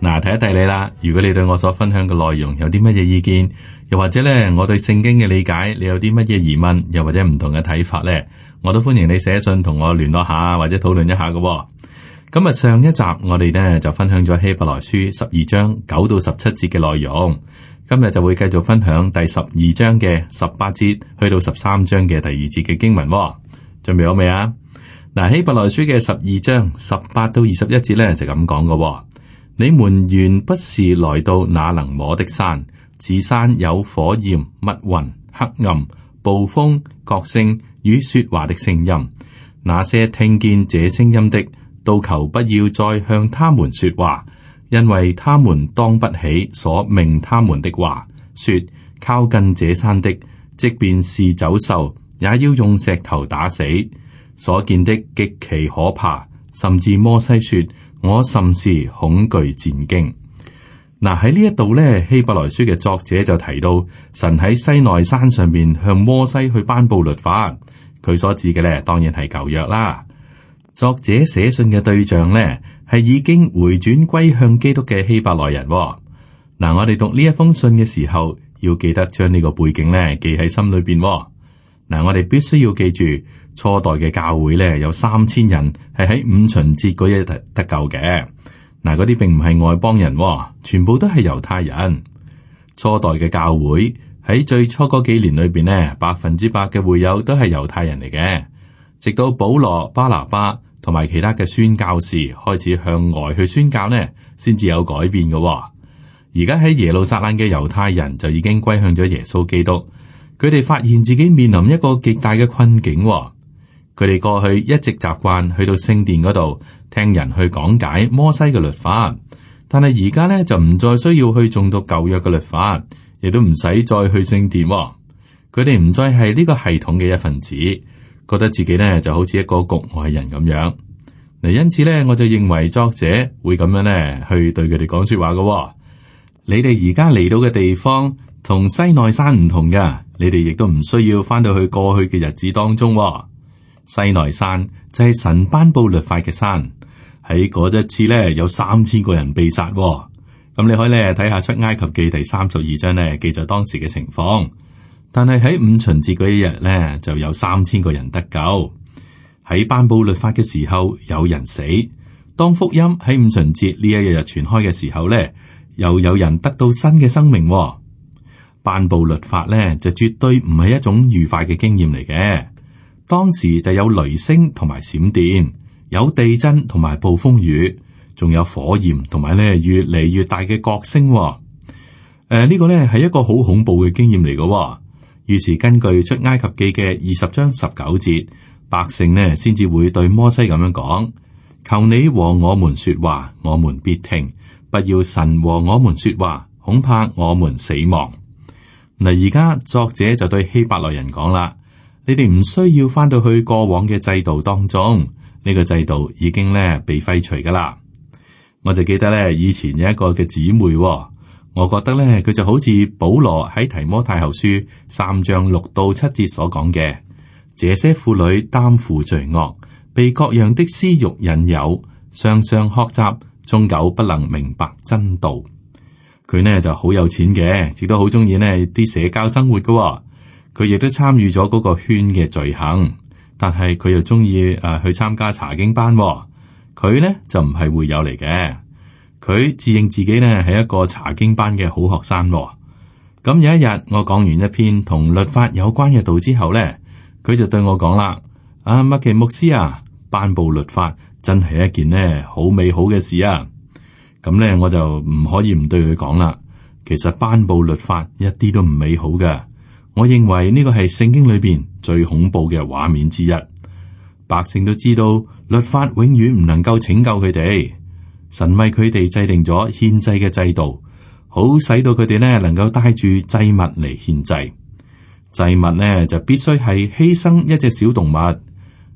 嗱，睇一睇你啦。如果你對我所分享嘅內容有啲乜嘢意見，又或者呢，我對聖經嘅理解，你有啲乜嘢疑問，又或者唔同嘅睇法呢，我都歡迎你寫信同我聯絡下，或者討論一下嘅、哦。今日上一集我哋呢就分享咗希伯來書十二章九到十七節嘅內容，今日就會繼續分享第十二章嘅十八節去到十三章嘅第二節嘅經文、哦。準備好未啊？嗱，希伯來書嘅十二章十八到二十一節呢，就咁講嘅。你們原不是來到那能摸的山，此山有火焰、密雲、黑暗、暴風、角聲與說話的聲音。那些聽見這聲音的，都求不要再向他們說話，因為他們當不起所命他們的話。說靠近這山的，即便是走獸，也要用石頭打死。所見的極其可怕，甚至摩西說。我甚是恐懼戰兢。嗱、啊、喺呢一度咧，希伯來書嘅作者就提到神喺西奈山上面向摩西去頒布律法，佢所指嘅咧當然係舊約啦。作者寫信嘅對象咧係已經回轉歸向基督嘅希伯來人、哦。嗱、啊，我哋讀呢一封信嘅時候，要記得將呢個背景咧記喺心裏邊、哦。嗱、啊，我哋必須要記住，初代嘅教會咧有三千人係喺五旬節嗰日得救嘅。嗱、啊，嗰啲並唔係外邦人、哦，全部都係猶太人。初代嘅教會喺最初嗰幾年裏邊咧，百分之百嘅會友都係猶太人嚟嘅。直到保羅、巴拿巴同埋其他嘅宣教士開始向外去宣教咧，先至有改變嘅、哦。而家喺耶路撒冷嘅猶太人就已經歸向咗耶穌基督。佢哋發現自己面臨一個極大嘅困境，哦。佢哋過去一直習慣去到聖殿嗰度聽人去講解摩西嘅律法，但係而家咧就唔再需要去中到舊約嘅律法，亦都唔使再去聖殿，哦。佢哋唔再係呢個系統嘅一份子，覺得自己咧就好似一個局外人咁樣。嗱，因此咧，我就認為作者會咁樣咧去對佢哋講說話嘅，哦。你哋而家嚟到嘅地方，同西內山唔同噶。你哋亦都唔需要翻到去過去嘅日子當中、哦，西奈山就係神頒布律法嘅山。喺嗰一次咧，有三千個人被殺、哦。咁你可以咧睇下出埃及記第三十二章咧，記載當時嘅情況。但係喺五旬節嗰一日咧，就有三千個人得救。喺頒布律法嘅時候有人死，當福音喺五旬節呢一日日傳開嘅時候咧，又有人得到新嘅生命、哦。頒布律法咧，就絕對唔係一種愉快嘅經驗嚟嘅。當時就有雷聲同埋閃電，有地震同埋暴風雨，仲有火焰同埋咧越嚟越大嘅角聲。誒、呃、呢、這個咧係一個好恐怖嘅經驗嚟嘅。於是根據出埃及記嘅二十章十九節，百姓呢先至會對摩西咁樣講：求你和我們說話，我們必聽；不要神和我們說話，恐怕我們死亡。嗱，而家作者就對希伯來人講啦：，你哋唔需要翻到過去過往嘅制度當中，呢、這個制度已經咧被廢除噶啦。我就記得咧，以前有一個嘅姊妹、哦，我覺得咧佢就好似保羅喺提摩太後書三章六到七節所講嘅，這些婦女擔負罪惡，被各樣的私欲引誘，常常學習，終究不能明白真道。佢呢就好有錢嘅，亦都好中意呢啲社交生活噶、哦。佢亦都參與咗嗰個圈嘅罪行，但係佢又中意啊去參加查經班、哦。佢呢就唔係會友嚟嘅，佢自認自己呢係一個查經班嘅好學生、哦。咁有一日，我講完一篇同律法有關嘅道之後呢，佢就對我講啦：，啊，麥奇牧師啊，頒佈律法真係一件呢好美好嘅事啊！咁咧，我就唔可以唔對佢講啦。其實頒布律法一啲都唔美好嘅。我認為呢個係聖經裏邊最恐怖嘅畫面之一。百姓都知道律法永遠唔能夠拯救佢哋。神為佢哋製定咗獻祭嘅制度，好使到佢哋咧能夠帶住祭物嚟獻祭。祭物咧就必須係犧牲一隻小動物，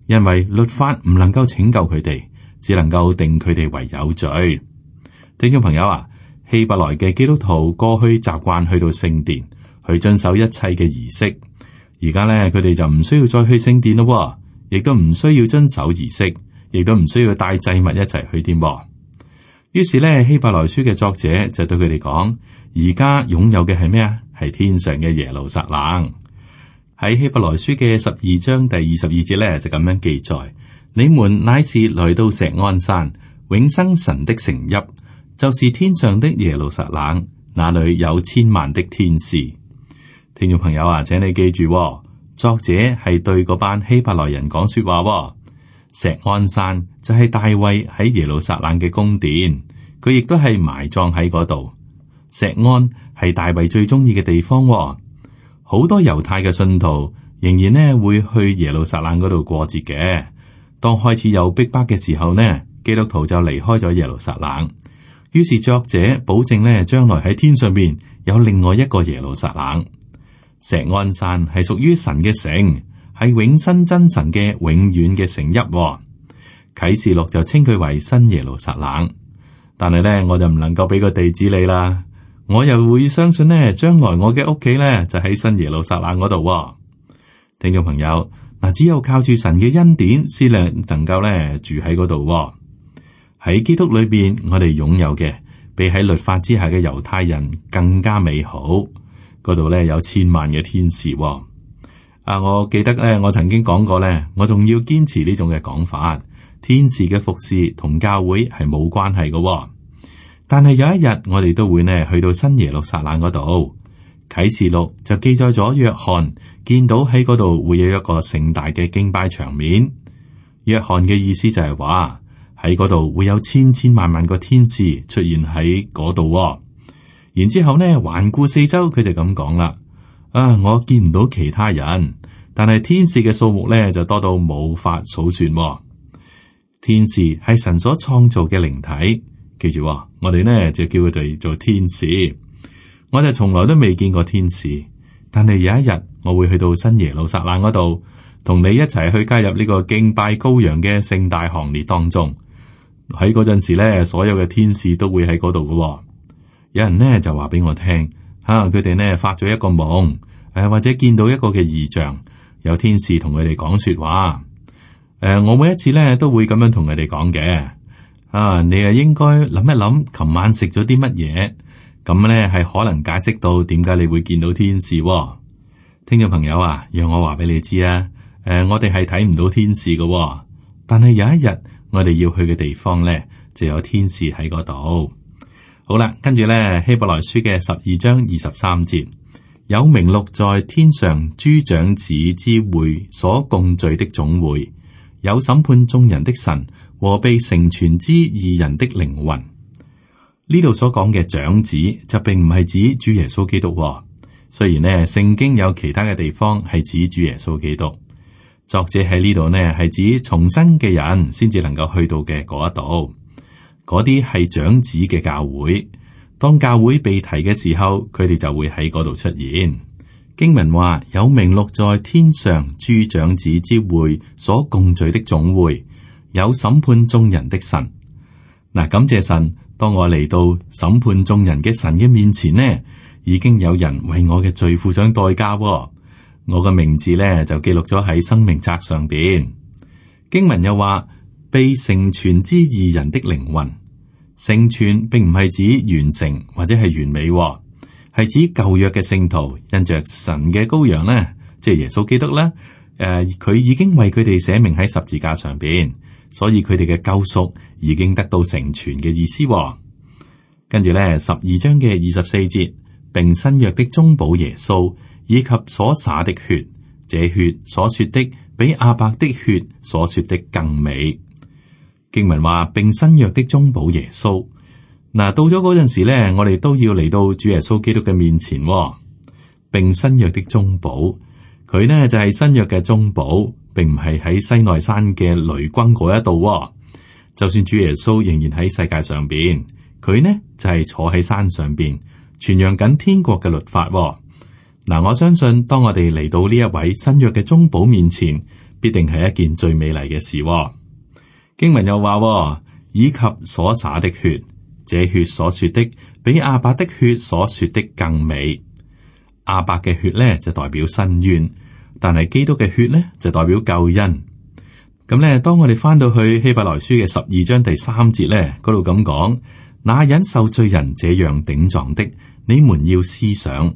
因為律法唔能夠拯救佢哋，只能夠定佢哋為有罪。聽眾朋友啊，希伯來嘅基督徒過去習慣去到聖殿去遵守一切嘅儀式，而家咧佢哋就唔需要再去聖殿咯，亦都唔需要遵守儀式，亦都唔需要帶祭物一齊去添。於是咧，希伯來書嘅作者就對佢哋講：而家擁有嘅係咩啊？係天上嘅耶路撒冷。喺希伯來書嘅十二章第二十二節咧就咁樣記載：你們乃是來到錫安山，永生神的城邑。就是天上的耶路撒冷，那裏有千萬的天使。聽眾朋友啊，請你記住、哦，作者係對嗰班希伯來人講說話、哦。錫安山就係大衛喺耶路撒冷嘅宮殿，佢亦都係埋葬喺嗰度。錫安係大衛最中意嘅地方、哦，好多猶太嘅信徒仍然呢會去耶路撒冷嗰度過節嘅。當開始有逼迫嘅時候呢，基督徒就離開咗耶路撒冷。於是作者保證咧，將來喺天上面有另外一個耶路撒冷，錫安山係屬於神嘅城，係永生真神嘅永遠嘅城邑、哦。啟示錄就稱佢為新耶路撒冷，但係呢，我就唔能夠俾個地址你啦，我又會相信呢，將來我嘅屋企呢就喺新耶路撒冷嗰度、哦。聽眾朋友，嗱，只有靠住神嘅恩典先能能夠咧住喺嗰度。喺基督裏邊，我哋擁有嘅比喺律法之下嘅猶太人更加美好。嗰度咧有千萬嘅天使，哦。啊，我記得咧，我曾經講過咧，我仲要堅持呢種嘅講法。天使嘅服侍同教會係冇關係嘅，哦。但係有一日，我哋都會呢去到新耶路撒冷嗰度。啟示錄就記載咗約翰見到喺嗰度會有一個盛大嘅敬拜場面。約翰嘅意思就係話。喺嗰度會有千千萬萬個天使出現喺嗰度。然之後咧，環顧四周，佢就咁講啦：啊，我見唔到其他人，但係天使嘅數目呢就多到冇法數算哦。天使係神所創造嘅靈體，記住哦，我哋呢就叫佢哋做天使。我就從來都未見過天使，但係有一日我會去到新耶路撒冷嗰度，同你一齊去加入呢個敬拜羔羊嘅盛大行列當中。喺嗰陣時咧，所有嘅天使都會喺嗰度噶。有人咧就話俾我聽，吓佢哋咧發咗一個夢，誒、啊、或者見到一個嘅異象，有天使同佢哋講說話。誒、啊，我每一次咧都會咁樣同佢哋講嘅。啊，你啊應該諗一諗，琴晚食咗啲乜嘢？咁咧係可能解釋到點解你會見到天使，哦。聽眾朋友啊，讓我話俾你知啊。誒、啊，我哋係睇唔到天使噶、哦，但係有一日。我哋要去嘅地方呢，就有天使喺嗰度。好啦，跟住呢希伯來書嘅十二章二十三節，有名錄在天上諸長子之會所共聚的總會，有審判眾人的神和被成全之義人的靈魂。呢度所講嘅長子就並唔係指，哦，指主耶穌基督，雖然呢聖經有其他嘅地方係指主耶穌基督。作者喺呢度呢，係指重生嘅人先至能夠去到嘅嗰一度，嗰啲係長子嘅教會。當教會被提嘅時候，佢哋就會喺嗰度出現。經文話有名錄在天上諸長子之會所共聚的總會，有審判眾人的神。嗱、啊，感謝神，當我嚟到審判眾人嘅神嘅面前呢，已經有人為我嘅罪付上代價。我嘅名字咧就記錄咗喺生命冊上邊。經文又話被成全之二人的靈魂，成全並唔係指完成或者係完美、哦，係指舊約嘅聖徒因着神嘅羔羊咧，即係耶穌基督啦。誒、啊，佢已經為佢哋寫明喺十字架上邊，所以佢哋嘅救贖已經得到成全嘅意思、哦。跟住咧，十二章嘅二十四節，並新約的中保耶穌。以及所灑的血，這血所說的比阿伯的血所說的更美。經文話並新約的中保耶穌，嗱到咗嗰陣時咧，我哋都要嚟到主耶穌基督嘅面前，並新約的中保，佢呢就係新約嘅中保，並唔係喺西奈山嘅雷軍嗰一度。就算主耶穌仍然喺世界上邊，佢呢就係坐喺山上邊傳揚緊天國嘅律法。嗱，我相信當我哋嚟到呢一位新約嘅中保面前，必定係一件最美麗嘅事哦。經文又話，以及所灑的血，這血所說的比阿伯的血所說的更美。阿伯嘅血咧就代表申冤，但係基督嘅血咧就代表救恩。咁咧，當我哋翻到去希伯來書嘅十二章第三節咧，嗰度咁講，那忍受罪人這樣頂撞的，你們要思想。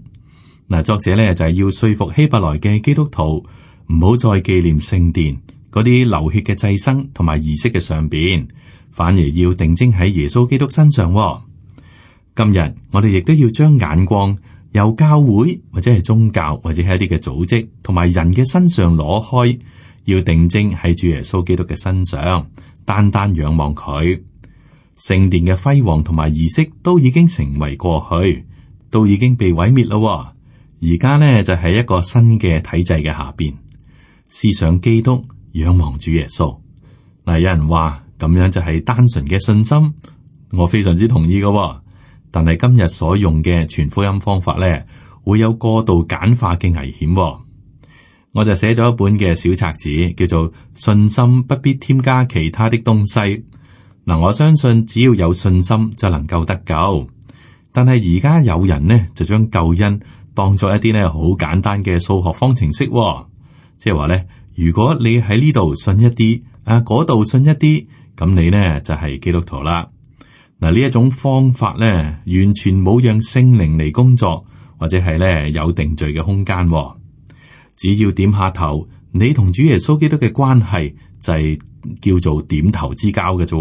嗱，作者咧就係要說服希伯來嘅基督徒唔好再紀念聖殿嗰啲流血嘅祭牲，同埋儀式嘅上邊，反而要定睛喺耶穌基督身上。今日我哋亦都要將眼光由教會或者係宗教，或者係一啲嘅組織，同埋人嘅身上攞開，要定睛喺主耶穌基督嘅身上，單單仰望佢。聖殿嘅輝煌，同埋儀式都已經成為過去，都已經被毀滅咯。而家咧就喺一個新嘅體制嘅下邊，思想基督仰望主耶穌嗱。有人話咁樣就係單純嘅信心，我非常之同意嘅喎。但係今日所用嘅全福音方法咧，會有過度簡化嘅危險喎。我就寫咗一本嘅小冊子，叫做《信心不必添加其他的東西》嗱。我相信只要有信心就能夠得救，但係而家有人呢，就將救恩。當作一啲咧好簡單嘅數學方程式、哦，即係話咧，如果你喺呢度信一啲，啊，嗰度信一啲，咁你咧就係、是、基督徒啦。嗱，呢一種方法咧，完全冇讓聖靈嚟工作，或者係咧有定罪嘅空間、哦。只要點下頭，你同主耶穌基督嘅關係就係叫做點頭之交嘅啫。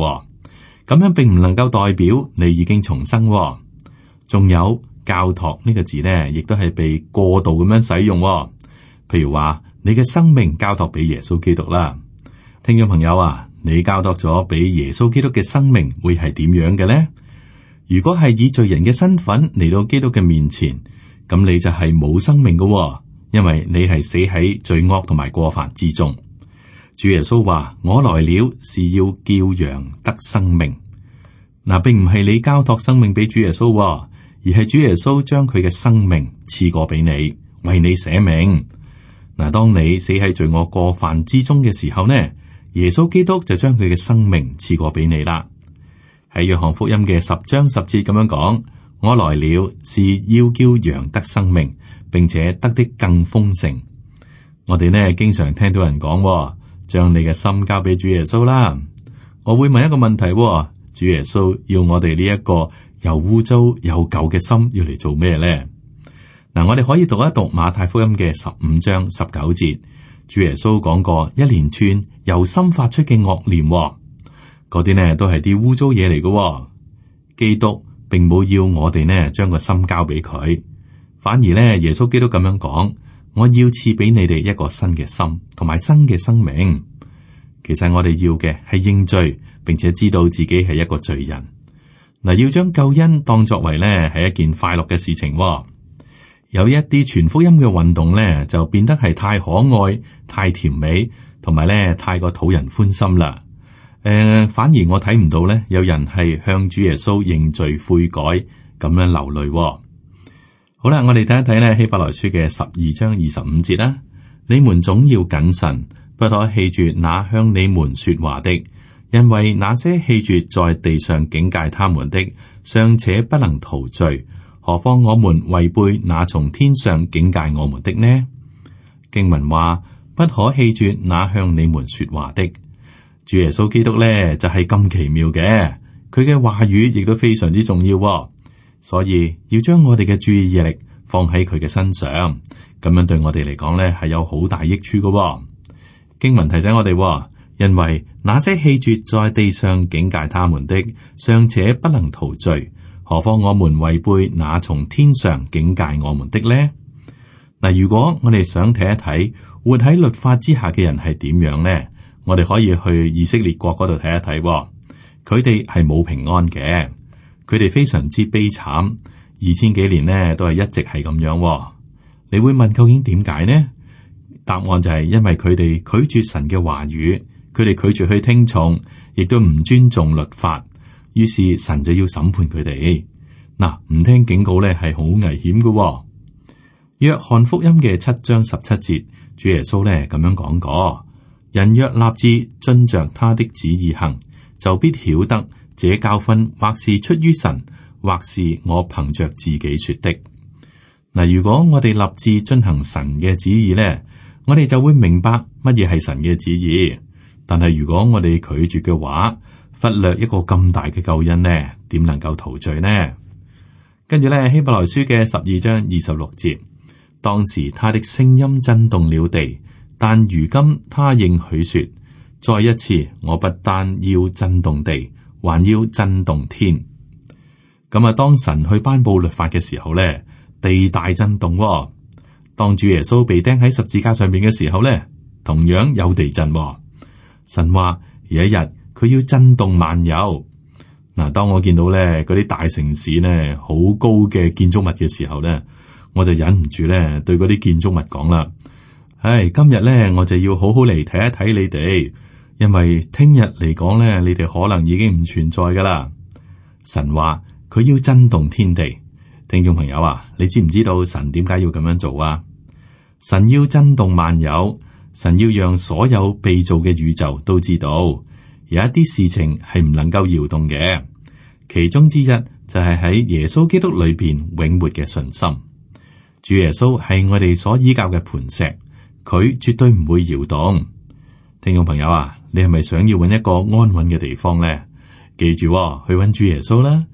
咁樣並唔能夠代表你已經重生、哦。仲有。交託呢個字呢，亦都係被過度咁樣使用哦。譬如話你嘅生命交託俾耶穌基督啦，聽眾朋友啊，你交託咗俾耶穌基督嘅生命會係點樣嘅呢？如果係以罪人嘅身份嚟到基督嘅面前，咁你就係冇生命噶哦，因為你係死喺罪惡同埋過犯之中。主耶穌話：我來了是要叫羊得生命。嗱，並唔係你交託生命俾主耶穌哦。而係主耶穌將佢嘅生命賜過俾你，為你捨命。嗱，當你死喺罪惡過犯之中嘅時候呢？耶穌基督就將佢嘅生命賜過俾你啦。喺約翰福音嘅十章十節咁樣講：我來了是要叫羊得生命，並且得的更豐盛。我哋呢經常聽到人講、哦，將你嘅心交俾主耶穌啦。我會問一個問題：哦、主耶穌要我哋呢一個？又污糟又舊嘅心要嚟做咩咧？嗱、嗯，我哋可以讀一讀馬太福音嘅十五章十九節，主耶穌講過一連串由心發出嘅惡念，嗰啲咧都係啲污糟嘢嚟嘅。基督並冇要我哋咧將個心交俾佢，反而咧耶穌基督咁樣講，我要賜俾你哋一個新嘅心，同埋新嘅生命。其實我哋要嘅係認罪，並且知道自己係一個罪人。嗱，要將救恩當作為咧係一件快樂嘅事情喎，有一啲全福音嘅運動咧就變得係太可愛、太甜美，同埋咧太過討人歡心啦。誒、呃，反而我睇唔到咧有人係向主耶穌認罪悔改，咁樣流淚。好啦，我哋睇一睇咧希伯來書嘅十二章二十五節啦。你們總要謹慎，不可棄絕那向你們說話的。因為那些棄絕在地上警戒他們的，尚且不能逃罪，何況我們違背那從天上警戒我們的呢？經文話不可棄絕那向你們說話的主耶穌基督咧，就係咁奇妙嘅，佢嘅話語亦都非常之重要，所以要將我哋嘅注意力放喺佢嘅身上，咁樣對我哋嚟講咧係有好大益處嘅。經文提醒我哋。因為那些棄絕在地上警戒他們的，尚且不能逃罪，何況我們違背那從天上警戒我們的呢？嗱，如果我哋想睇一睇活喺律法之下嘅人係點樣呢？我哋可以去以色列國嗰度睇一睇，哦。佢哋係冇平安嘅，佢哋非常之悲慘。二千幾年呢都係一直係咁樣，哦。你會問究竟點解呢？答案就係因為佢哋拒絕神嘅話語。佢哋拒絕去聽從，亦都唔尊重律法。於是神就要審判佢哋。嗱，唔聽警告咧，係好危險噶喎。約翰福音嘅七章十七節，主耶穌咧咁樣講過：人若立志遵着他的旨意行，就必曉得這教訓或是出於神，或是我憑着自己說的。嗱，如果我哋立志進行神嘅旨意咧，我哋就會明白乜嘢係神嘅旨意。但係，如果我哋拒絕嘅話，忽略一個咁大嘅救恩呢，點能夠逃罪呢？跟住咧，《希伯來書》嘅十二章二十六節，當時他的聲音震動了地，但如今他應許說，再一次，我不但要震動地，還要震動天。咁啊，當神去頒布律法嘅時候咧，地大震動喎；當主耶穌被釘喺十字架上邊嘅時候咧，同樣有地震喎。神話：有一日佢要震動萬有。嗱，當我見到咧嗰啲大城市咧好高嘅建築物嘅時候咧，我就忍唔住咧對嗰啲建築物講啦：，唉、哎，今日咧我就要好好嚟睇一睇你哋，因為聽日嚟講咧你哋可能已經唔存在噶啦。神話佢要震動天地，聽眾朋友啊，你知唔知道神點解要咁樣做啊？神要震動萬有。神要讓所有被造嘅宇宙都知道，有一啲事情係唔能夠搖動嘅，其中之一就係喺耶穌基督裏面永活嘅信心。主耶穌係我哋所依靠嘅磐石，佢絕對唔會搖動。聽眾朋友啊，你係咪想要揾一個安穩嘅地方咧？記住哦，去揾主耶穌啦，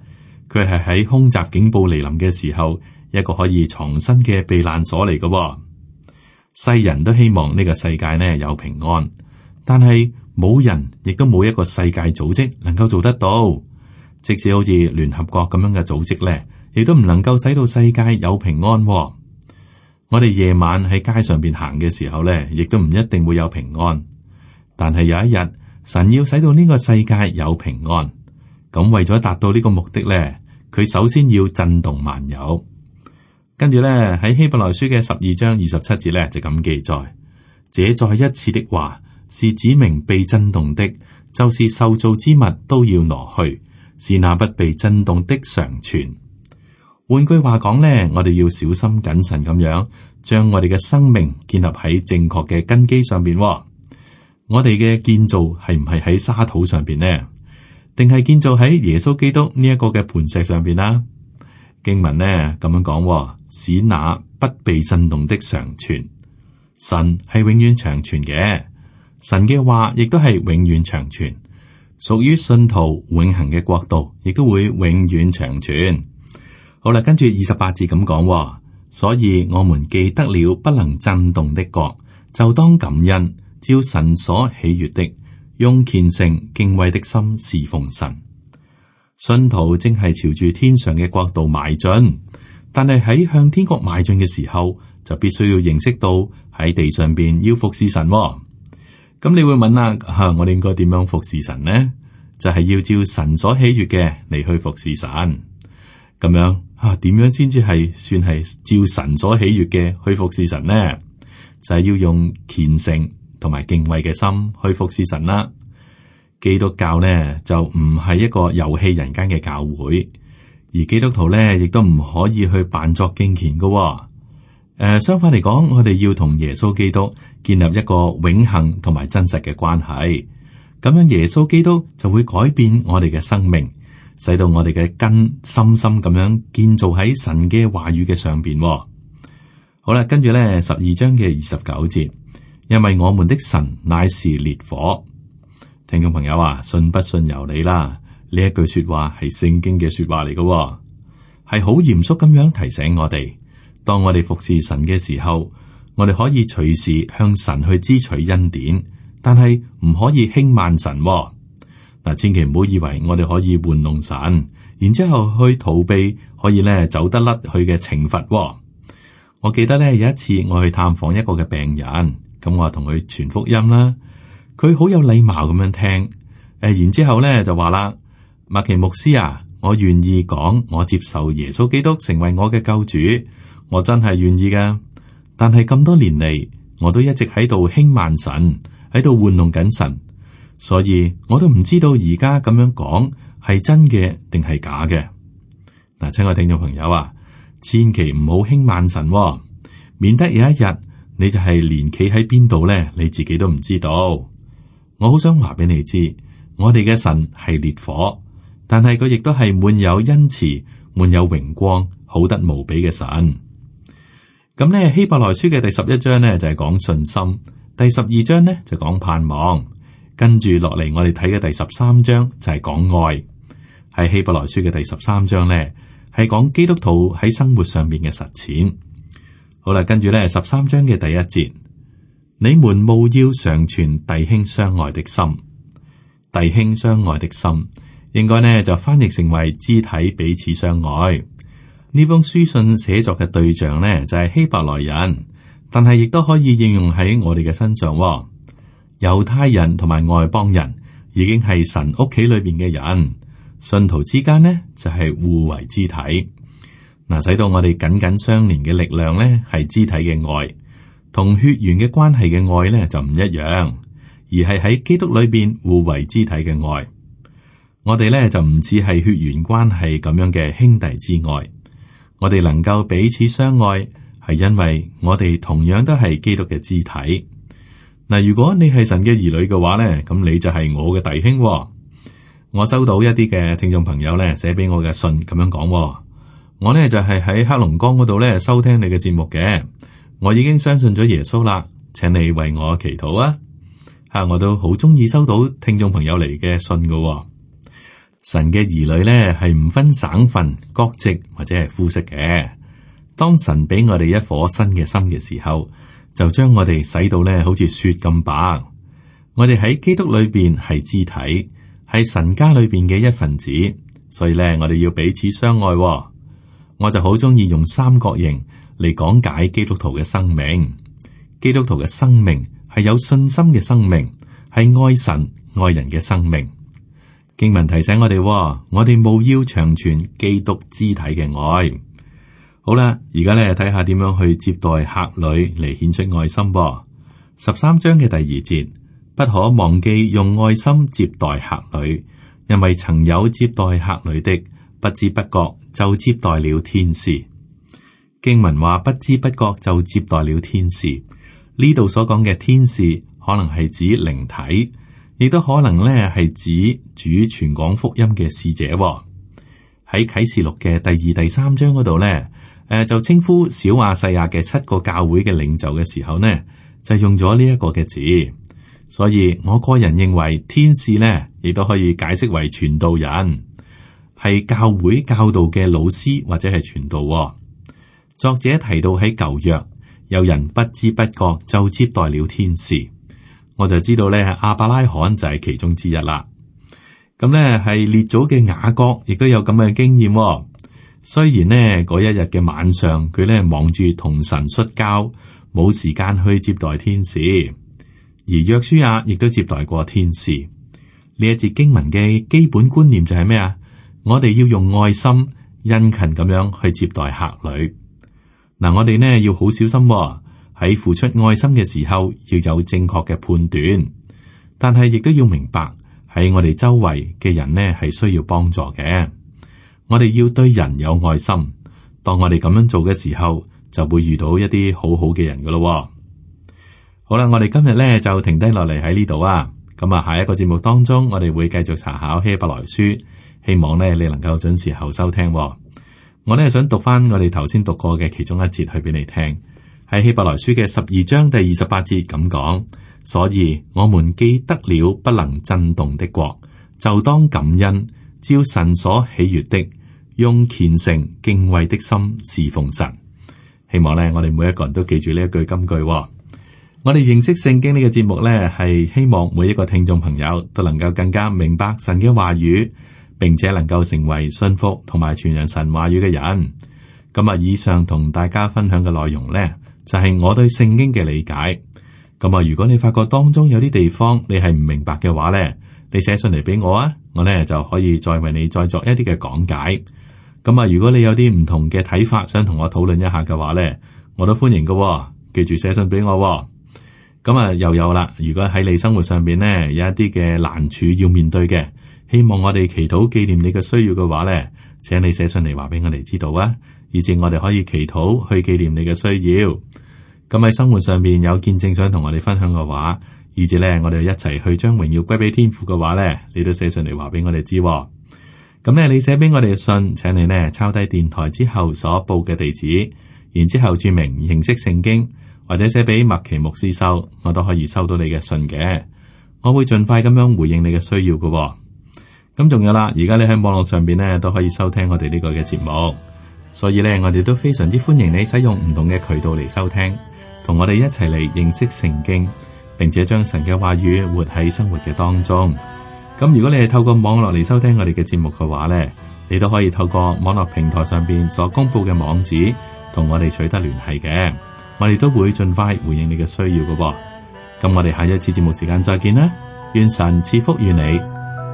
佢係喺空襲警報嚟臨嘅時候一個可以藏身嘅避難所嚟嘅哦。世人都希望呢個世界呢有平安，但係冇人亦都冇一個世界組織能夠做得到，即使好似聯合國咁樣嘅組織呢，亦都唔能夠使到世界有平安哦。我哋夜晚喺街上邊行嘅時候呢，亦都唔一定會有平安。但係有一日，神要使到呢個世界有平安，咁為咗達到呢個目的呢，佢首先要震動萬有。跟住咧，喺希伯來書嘅十二章二十七節咧，就咁記載：這再一次的話是指明被震動的，就是受造之物都要挪去，是那不被震動的常存。換句話講咧，我哋要小心謹慎咁樣，將我哋嘅生命建立喺正確嘅根基上邊。我哋嘅建造係唔係喺沙土上邊呢？定係建造喺耶穌基督呢一個嘅磐石上邊啦？經文咧咁樣講。使那不被震動的常存，神係永遠長存嘅，神嘅話亦都係永遠長存，屬於信徒永恒嘅國度，亦都會永遠長存。好啦，跟住二十八節咁講喎，所以我們記得了不能震動的國，就當感恩，照神所喜悦的，用虔誠敬畏的心侍奉神。信徒正係朝住天上嘅國度邁進。但係喺向天國邁進嘅時候，就必須要認識到喺地上邊要服侍神，哦。咁你會問啦，吓，啊，我哋應該點樣服侍神呢？就係，是，要照神所喜悦嘅嚟，去服侍神。咁樣吓，點，啊，樣先至係算係照神所喜悦嘅去服侍神呢？就係，是，要用虔誠同埋敬畏嘅心去服侍神啦。基督教呢，就唔係一個遊戲人間嘅教會。而基督徒咧，亦都唔可以去扮作敬虔嘅、哦。誒、呃，相反嚟講，我哋要同耶穌基督建立一個永恒同埋真實嘅關係。咁樣耶穌基督就會改變我哋嘅生命，使到我哋嘅根深深咁樣建造喺神嘅話語嘅上邊、哦。好啦，跟住咧十二章嘅二十九節，因為我們的神乃是烈火。聽眾朋友啊，信不信由你啦。呢一句話說話係聖經嘅說話嚟嘅，係好嚴肅咁樣提醒我哋。當我哋服侍神嘅時候，我哋可以隨時向神去支取恩典，但係唔可以輕慢神嗱、哦。千祈唔好以為我哋可以玩弄神，然之後去逃避可以咧走得甩佢嘅懲罰、哦。我記得咧有一次我去探訪一個嘅病人，咁我同佢傳福音啦，佢好有禮貌咁樣聽誒，然之後咧就話啦。麥奇牧師啊，我願意講，我接受耶穌基督成為我嘅救主，我真係願意嘅。但係咁多年嚟，我都一直喺度輕慢神，喺度玩弄緊神，所以我都唔知道而家咁樣講係真嘅定係假嘅。嗱，親愛聽眾朋友啊，千祈唔好輕慢神喎，免得有一日你就係連企喺邊度咧，你自己都唔知道。我好想話俾你知，我哋嘅神係烈火。但係佢亦都係滿有恩慈，滿有榮光，好得無比嘅神。咁呢，希伯來書嘅第十一章呢，就係講信心，第十二章呢，就講盼望，跟住落嚟我哋睇嘅第十三章就係講愛。喺希伯來書嘅第十三章呢，係講基督徒喺生活上面嘅實踐。好啦，跟住呢，十三章嘅第一節，你們務要常存弟兄相愛的心，弟兄相愛的心。應該呢就翻譯成為肢體彼此相愛。呢封書信寫作嘅對象呢就係希伯來人，但係亦都可以應用喺我哋嘅身上喎。猶太人同埋外邦人已經係神屋企裏邊嘅人，信徒之間呢就係互為肢體。嗱，使到我哋緊緊相連嘅力量呢係肢體嘅愛，同血緣嘅關係嘅愛呢就唔一樣，而係喺基督裏邊互為肢體嘅愛。我哋咧就唔似係血緣關係咁樣嘅兄弟之外，我哋能夠彼此相愛，係因為我哋同樣都係基督嘅肢體。嗱，如果你係神嘅兒女嘅話咧，咁你就係我嘅弟兄、哦。我收到一啲嘅聽眾朋友咧寫俾我嘅信，咁樣講、哦。我咧就係喺黑龍江嗰度咧收聽你嘅節目嘅。我已經相信咗耶穌啦，請你為我祈禱啊！吓，我都好鍾意收到聽眾朋友嚟嘅信噶、哦。神嘅兒女咧係唔分省份、國籍或者係膚色嘅。當神俾我哋一顆新嘅心嘅時候，就將我哋洗到咧好似雪咁白。我哋喺基督裏邊係肢體，係神家裏邊嘅一份子，所以咧我哋要彼此相愛哦。我就好鍾意用三角形嚟講解基督徒嘅生命。基督徒嘅生命係有信心嘅生命，係愛神愛人嘅生命。經文提醒我哋，哦，我哋務要長存基督肢體嘅愛。好啦，而家咧睇下點樣去接待客旅嚟，顯出愛心。十三章嘅第二節，不可忘記用愛心接待客旅，因為曾有接待客旅的，不知不覺就接待了天使。經文話，不知不覺就接待了天使，呢度所講嘅天使可能係指靈體。亦都可能咧係指主傳講福音嘅使者喺、哦、啟示錄嘅第二、第三章嗰度咧，誒、呃、就稱呼小亞細亞嘅七個教會嘅領袖嘅時候呢，就用咗呢一個嘅字。所以我個人認為天使呢，亦都可以解釋為傳道人，係教會教導嘅老師或者係傳道、哦。作者提到喺舊約，有人不知不覺就接待了天使。我就知道咧，亞伯拉罕就係其中之一啦。咁咧係列祖嘅雅各，亦都有咁嘅經驗、哦。雖然咧嗰一日嘅晚上，佢咧忙住同神摔跤，冇時間去接待天使。而約書亞亦都接待過天使。呢一節經文嘅基本觀念就係咩啊？我哋要用愛心殷勤咁樣去接待客旅。嗱，我哋咧要好小心、哦。喺付出愛心嘅時候，要有正確嘅判斷，但係亦都要明白，喺我哋周圍嘅人呢係需要幫助嘅。我哋要對人有愛心，當我哋咁樣做嘅時候，就會遇到一啲好好嘅人噶咯、哦。好啦，我哋今日呢就停低落嚟喺呢度啊。咁、嗯、啊，下一個節目當中，我哋會繼續查考希伯來書，希望呢你能夠準時後收聽、哦。我呢想讀翻我哋頭先讀過嘅其中一節，去俾你聽。喺希伯來書嘅十二章第二十八節咁講，所以我們記得了不能震動的國，就當感恩，照神所喜悅的，用虔誠敬畏的心侍奉神。希望咧，我哋每一個人都記住呢一句金句、哦。我哋認識聖經呢、這個節目咧，係希望每一個聽眾朋友都能夠更加明白神嘅話語，並且能夠成為信服同埋傳人神話語嘅人。咁啊，以上同大家分享嘅內容咧。就係我對聖經嘅理解，咁啊，如果你發覺當中有啲地方你係唔明白嘅話咧，你寫信嚟俾我啊，我咧就可以再為你再作一啲嘅講解。咁啊，如果你有啲唔同嘅睇法，想同我討論一下嘅話咧，我都歡迎噶喎，記住寫信俾我。咁啊，又有啦，如果喺你生活上邊咧有一啲嘅難處要面對嘅，希望我哋祈禱紀念你嘅需要嘅話咧，請你寫信嚟話俾我哋知道啊，以至我哋可以祈禱去紀念你嘅需要。咁喺生活上面有見證想同我哋分享嘅話，以至咧我哋一齊去將榮耀歸俾天父嘅話咧，你都寫信嚟話俾我哋知。咁咧你寫俾我哋嘅信，請你呢抄低電台之後所報嘅地址，然之後注明認識聖經，或者寫俾麥奇牧師收，我都可以收到你嘅信嘅。我會盡快咁樣回應你嘅需要嘅。咁仲有啦，而家你喺網絡上邊咧都可以收聽我哋呢個嘅節目，所以咧我哋都非常之歡迎你使用唔同嘅渠道嚟收聽，同我哋一齊嚟認識聖經，並且將神嘅話語活喺生活嘅當中。咁如果你係透過網絡嚟收聽我哋嘅節目嘅話咧，你都可以透過網絡平台上邊所公布嘅網址，同我哋取得聯繫嘅，我哋都會盡快回應你嘅需要嘅。噉我哋下一次節目時間再見啦，願神賜福於你。